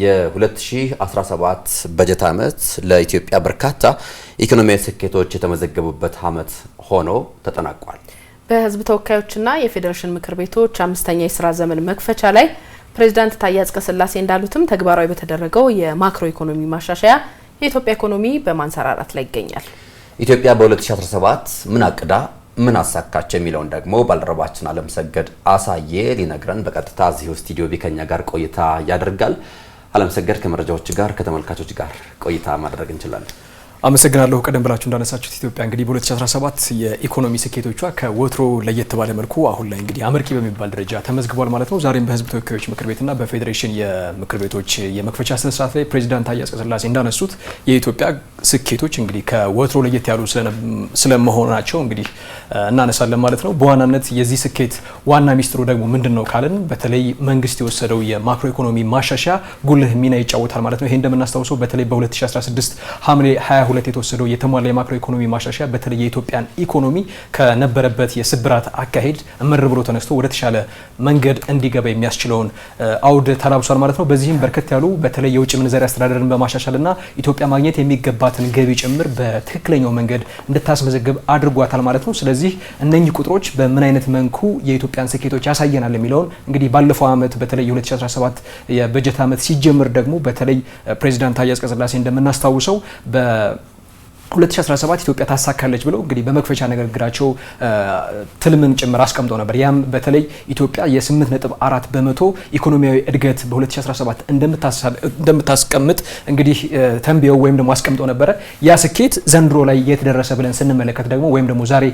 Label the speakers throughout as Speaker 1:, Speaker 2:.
Speaker 1: የ2017 በጀት ዓመት ለኢትዮጵያ በርካታ ኢኮኖሚያዊ ስኬቶች የተመዘገቡበት ዓመት ሆኖ ተጠናቋል።
Speaker 2: በህዝብ ተወካዮችና የፌዴሬሽን ምክር ቤቶች አምስተኛ የስራ ዘመን መክፈቻ ላይ ፕሬዚዳንት ታዬ አጽቀሥላሴ እንዳሉትም ተግባራዊ በተደረገው የማክሮ ኢኮኖሚ ማሻሻያ የኢትዮጵያ ኢኮኖሚ በማንሰራራት ላይ ይገኛል።
Speaker 1: ኢትዮጵያ በ2017 ምን አቅዳ ምን አሳካች የሚለውን ደግሞ ባልደረባችን አለም ሰገድ አሳዬ ሊነግረን በቀጥታ እዚሁ ስቱዲዮ ቢከኛ ጋር ቆይታ ያደርጋል። አለም ሰገድ ከመረጃዎች ጋር ከተመልካቾች ጋር ቆይታ ማድረግ እንችላለን።
Speaker 3: አመሰግናለሁ። ቀደም ብላችሁ እንዳነሳችሁት ኢትዮጵያ እንግዲህ በ2017 የኢኮኖሚ ስኬቶቿ ከወትሮ ለየት ባለ መልኩ አሁን ላይ እንግዲህ አመርቂ በሚባል ደረጃ ተመዝግቧል ማለት ነው። ዛሬም በህዝብ ተወካዮች ምክር ቤትና በፌዴሬሽን የምክር ቤቶች የመክፈቻ ስነስርዓት ላይ ፕሬዚዳንት ታዬ አጽቀሥላሴ እንዳነሱት የኢትዮጵያ ስኬቶች እንግዲህ ከወትሮ ለየት ያሉ ስለመሆናቸው እንግዲህ እናነሳለን ማለት ነው። በዋናነት የዚህ ስኬት ዋና ሚስጥሩ ደግሞ ምንድን ነው ካልን በተለይ መንግስት የወሰደው የማክሮ ኢኮኖሚ ማሻሻያ ጉልህ ሚና ይጫወታል ማለት ነው። ይሄ እንደምናስታውሰው በተለይ በ2016 ሐምሌ 2022 የተወሰደው የተሟላ የማክሮ ኢኮኖሚ ማሻሻያ በተለይ የኢትዮጵያን ኢኮኖሚ ከነበረበት የስብራት አካሄድ እምር ብሎ ተነስቶ ወደ ተሻለ መንገድ እንዲገባ የሚያስችለውን አውድ ተላብሷል ማለት ነው። በዚህም በርከት ያሉ በተለይ የውጭ ምንዛሪ አስተዳደርን በማሻሻልና ኢትዮጵያ ማግኘት የሚገባትን ገቢ ጭምር በትክክለኛው መንገድ እንድታስመዘግብ አድርጓታል ማለት ነው። ስለዚህ እነኚህ ቁጥሮች በምን አይነት መንኩ የኢትዮጵያን ስኬቶች ያሳየናል የሚለውን እንግዲህ ባለፈው ዓመት በተለይ 2017 የበጀት ዓመት ሲጀምር ደግሞ በተለይ ፕሬዚዳንት ታዬ አጽቀሥላሴ እንደምናስታውሰው 2017 ኢትዮጵያ ታሳካለች ብለው እንግዲህ በመክፈቻ ንግግራቸው ትልምን ጭምር አስቀምጠው ነበር። ያም በተለይ ኢትዮጵያ የ8.4 በመቶ ኢኮኖሚያዊ እድገት በ2017 እንደምታስቀምጥ እንግዲህ ተንብየው ወይም ደግሞ አስቀምጠው ነበረ። ያ ስኬት ዘንድሮ ላይ የተደረሰ ብለን ስንመለከት ደግሞ ወይም ደግሞ ዛሬ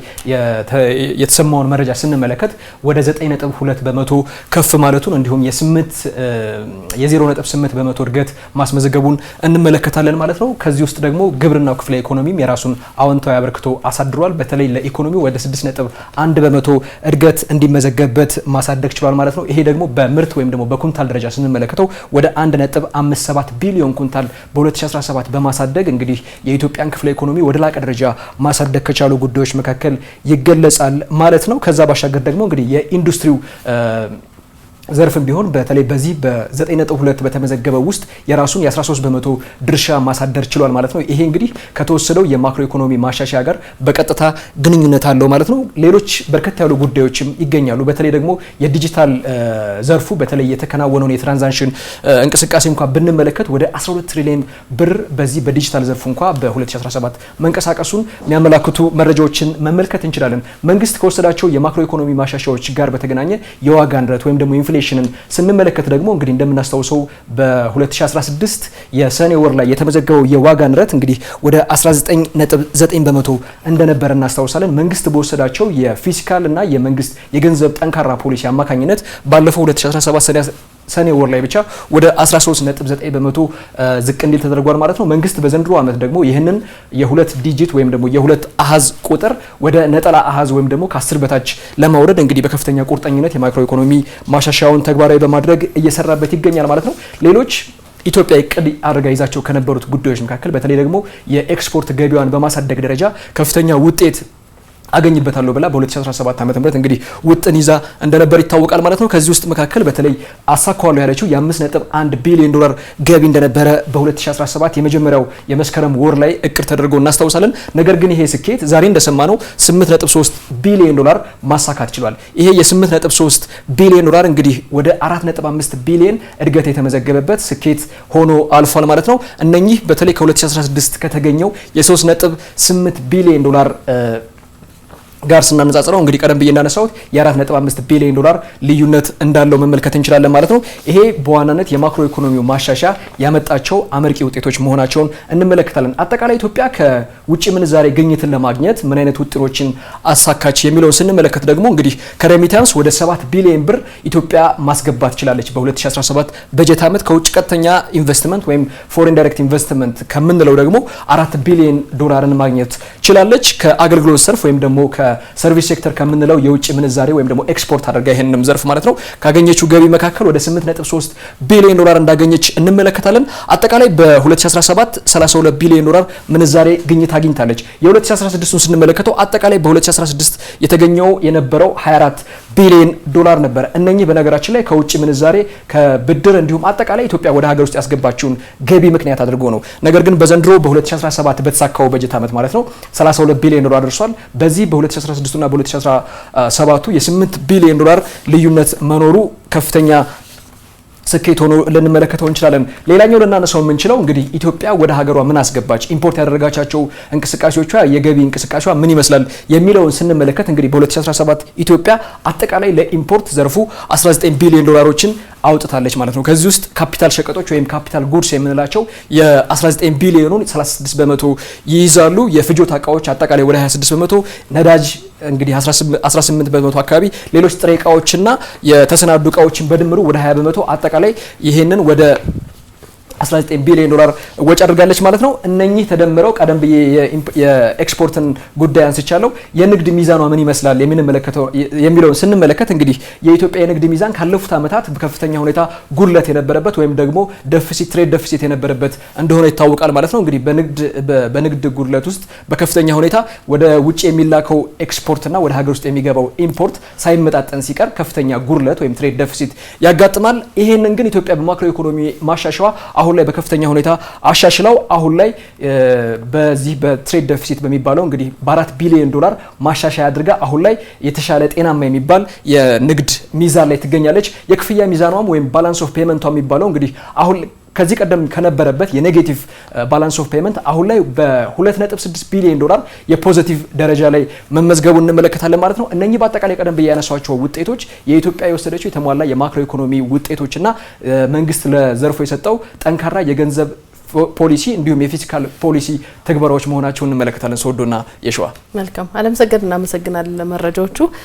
Speaker 3: የተሰማውን መረጃ ስንመለከት ወደ 9.2 በመቶ ከፍ ማለቱን እንዲሁም የ0.8 በመቶ እድገት ማስመዘገቡን እንመለከታለን ማለት ነው። ከዚህ ውስጥ ደግሞ ግብርናው ክፍለ ኢኮኖሚ ኢኮኖሚም የራሱን አዎንታዊ አበርክቶ አሳድሯል። በተለይ ለኢኮኖሚ ወደ 6.1 በመቶ እድገት እንዲመዘገብበት ማሳደግ ችሏል ማለት ነው። ይሄ ደግሞ በምርት ወይም ደግሞ በኩንታል ደረጃ ስንመለከተው ወደ 1.57 ቢሊዮን ኩንታል በ2017 በማሳደግ እንግዲህ የኢትዮጵያን ክፍለ ኢኮኖሚ ወደ ላቀ ደረጃ ማሳደግ ከቻሉ ጉዳዮች መካከል ይገለጻል ማለት ነው። ከዛ ባሻገር ደግሞ እንግዲህ የኢንዱስትሪው ዘርፍም ቢሆን በተለይ በዚህ በ9.2 በተመዘገበ ውስጥ የራሱን የ13 በመቶ ድርሻ ማሳደር ችሏል ማለት ነው። ይሄ እንግዲህ ከተወሰደው የማክሮ ኢኮኖሚ ማሻሻያ ጋር በቀጥታ ግንኙነት አለው ማለት ነው። ሌሎች በርከት ያሉ ጉዳዮችም ይገኛሉ። በተለይ ደግሞ የዲጂታል ዘርፉ በተለይ የተከናወነውን የትራንዛክሽን እንቅስቃሴ እንኳ ብንመለከት ወደ 12 ትሪሊዮን ብር በዚህ በዲጂታል ዘርፉ እንኳ በ2017 መንቀሳቀሱን የሚያመላክቱ መረጃዎችን መመልከት እንችላለን። መንግስት ከወሰዳቸው የማክሮ ኢኮኖሚ ማሻሻያዎች ጋር በተገናኘ የዋጋ ንረት ወይም ደግሞ ኢንፍሌሽንን ስንመለከት ደግሞ እንግዲህ እንደምናስታውሰው በ2016 የሰኔ ወር ላይ የተመዘገበው የዋጋ ንረት እንግዲህ ወደ 19.9 በመቶ እንደነበረ እናስታውሳለን። መንግስት በወሰዳቸው የፊስካል እና የመንግስት የገንዘብ ጠንካራ ፖሊሲ አማካኝነት ባለፈው 2017 ሰኔ ወር ላይ ብቻ ወደ 13.9 በመቶ ዝቅ እንዲል ተደርጓል ማለት ነው። መንግስት በዘንድሮ ዓመት ደግሞ ይህንን የሁለት ዲጂት ወይም ደግሞ የሁለት አሃዝ ቁጥር ወደ ነጠላ አሃዝ ወይም ደግሞ ከ10 በታች ለማውረድ እንግዲህ በከፍተኛ ቁርጠኝነት የማክሮ ኢኮኖሚ ማሻሻያውን ተግባራዊ በማድረግ እየሰራበት ይገኛል ማለት ነው። ሌሎች ኢትዮጵያ እቅድ አድርጋ ይዛቸው ከነበሩት ጉዳዮች መካከል በተለይ ደግሞ የኤክስፖርት ገቢዋን በማሳደግ ደረጃ ከፍተኛ ውጤት አገኝበታለሁ ብላ በ2017 ዓ ም እንግዲህ ውጥን ይዛ እንደነበር ይታወቃል ማለት ነው። ከዚህ ውስጥ መካከል በተለይ አሳካዋለሁ ያለችው የ5.1 ቢሊዮን ዶላር ገቢ እንደነበረ በ2017 የመጀመሪያው የመስከረም ወር ላይ እቅድ ተደርጎ እናስታውሳለን። ነገር ግን ይሄ ስኬት ዛሬ እንደሰማነው 8.3 ቢሊዮን ዶላር ማሳካት ችሏል። ይሄ የ8.3 ቢሊዮን ዶላር እንግዲህ ወደ 4.5 ቢሊዮን እድገት የተመዘገበበት ስኬት ሆኖ አልፏል ማለት ነው። እነኚህ በተለይ ከ2016 ከተገኘው የ3.8 ቢሊዮን ዶላር ጋር ስናነጻጽረው እንግዲህ ቀደም ብዬ እንዳነሳሁት የ4.5 ቢሊዮን ዶላር ልዩነት እንዳለው መመልከት እንችላለን ማለት ነው። ይሄ በዋናነት የማክሮ ኢኮኖሚው ማሻሻያ ያመጣቸው አመርቂ ውጤቶች መሆናቸውን እንመለከታለን። አጠቃላይ ኢትዮጵያ ከውጭ ምንዛሬ ግኝትን ለማግኘት ምን አይነት ውጤቶችን አሳካች የሚለውን ስንመለከት ደግሞ እንግዲህ ከሬሚታንስ ወደ 7 ቢሊዮን ብር ኢትዮጵያ ማስገባት ችላለች። በ2017 በጀት ዓመት ከውጭ ቀጥተኛ ኢንቨስትመንት ወይም ፎሬን ዳይሬክት ኢንቨስትመንት ከምንለው ደግሞ አራት ቢሊዮን ዶላርን ማግኘት ችላለች። ከአገልግሎት ሰርፍ ወይም ደግሞ ከሰርቪስ ሴክተር ከምንለው የውጭ ምንዛሬ ወይም ደግሞ ኤክስፖርት አድርጋ ይህንንም ዘርፍ ማለት ነው ካገኘችው ገቢ መካከል ወደ 8.3 ቢሊዮን ዶላር እንዳገኘች እንመለከታለን። አጠቃላይ በ2017 32 ቢሊዮን ዶላር ምንዛሬ ግኝት አግኝታለች። የ2016ን ስንመለከተው አጠቃላይ በ2016 የተገኘው የነበረው 24 ቢሊዮን ዶላር ነበረ። እነኚህ በነገራችን ላይ ከውጭ ምንዛሬ ከብድር እንዲሁም አጠቃላይ ኢትዮጵያ ወደ ሀገር ውስጥ ያስገባችውን ገቢ ምክንያት አድርጎ ነው። ነገር ግን በዘንድሮ በ2017 በተሳካው በጀት ዓመት ማለት ነው 32 ቢሊዮን ዶላር ደርሷል። በዚህ በ2016 እና በ2017 የ8 ቢሊዮን ዶላር ልዩነት መኖሩ ከፍተኛ ስኬት ሆኖ ልንመለከተው እንችላለን። ሌላኛው ልናነሳው የምንችለው እንግዲህ ኢትዮጵያ ወደ ሀገሯ ምን አስገባች፣ ኢምፖርት ያደረጋቻቸው እንቅስቃሴዎቿ፣ የገቢ እንቅስቃሴዋ ምን ይመስላል የሚለውን ስንመለከት እንግዲህ በ2017 ኢትዮጵያ አጠቃላይ ለኢምፖርት ዘርፉ 19 ቢሊዮን ዶላሮችን አውጥታለች ማለት ነው። ከዚህ ውስጥ ካፒታል ሸቀጦች ወይም ካፒታል ጉድስ የምንላቸው የ19 ቢሊዮኑን 36 በመቶ ይይዛሉ። የፍጆታ እቃዎች አጠቃላይ ወደ 26 በመቶ ነዳጅ እንግዲህ 18 በመቶ አካባቢ ሌሎች ጥሬ እቃዎችና የተሰናዱ እቃዎችን በድምሩ ወደ 20 በመቶ አጠቃላይ ይህንን ወደ 19 ቢሊዮን ዶላር ወጪ አድርጋለች ማለት ነው። እነኚህ ተደምረው ቀደም ብዬ የኤክስፖርትን ጉዳይ አንስቻለሁ። የንግድ ሚዛኗ ምን ይመስላል የሚለውን ስንመለከት እንግዲህ የኢትዮጵያ የንግድ ሚዛን ካለፉት ዓመታት በከፍተኛ ሁኔታ ጉድለት የነበረበት ወይም ደግሞ ደፍሲት ትሬድ ደፍሲት የነበረበት እንደሆነ ይታወቃል ማለት ነው። እንግዲህ በንግድ ጉድለት ውስጥ በከፍተኛ ሁኔታ ወደ ውጭ የሚላከው ኤክስፖርትና ወደ ሀገር ውስጥ የሚገባው ኢምፖርት ሳይመጣጠን ሲቀር ከፍተኛ ጉድለት ወይም ትሬድ ደፍሲት ያጋጥማል። ይህንን ግን ኢትዮጵያ በማክሮ ኢኮኖሚ ማሻሻዋ አሁን አሁን ላይ በከፍተኛ ሁኔታ አሻሽለው አሁን ላይ በዚህ በትሬድ ደፊሲት በሚባለው እንግዲህ በአራት ቢሊዮን ዶላር ማሻሻያ አድርጋ አሁን ላይ የተሻለ ጤናማ የሚባል የንግድ ሚዛን ላይ ትገኛለች። የክፍያ ሚዛኗም ወይም ባላንስ ኦፍ ፔመንቷ የሚባለው እንግዲህ አሁን ከዚህ ቀደም ከነበረበት የኔጌቲቭ ባላንስ ኦፍ ፔመንት አሁን ላይ በ2.6 ቢሊዮን ዶላር የፖዘቲቭ ደረጃ ላይ መመዝገቡ እንመለከታለን ማለት ነው። እነኚህ በአጠቃላይ ቀደም ብዬ ያነሷቸው ውጤቶች የኢትዮጵያ የወሰደችው የተሟላ የማክሮ ኢኮኖሚ ውጤቶችና መንግስት ለዘርፎ የሰጠው ጠንካራ የገንዘብ ፖሊሲ እንዲሁም የፊስካል ፖሊሲ ትግበራዎች መሆናቸውን እንመለከታለን። ሰወዶና የሸዋ
Speaker 2: መልካም አለምሰገድ እናመሰግናለን ለመረጃዎቹ።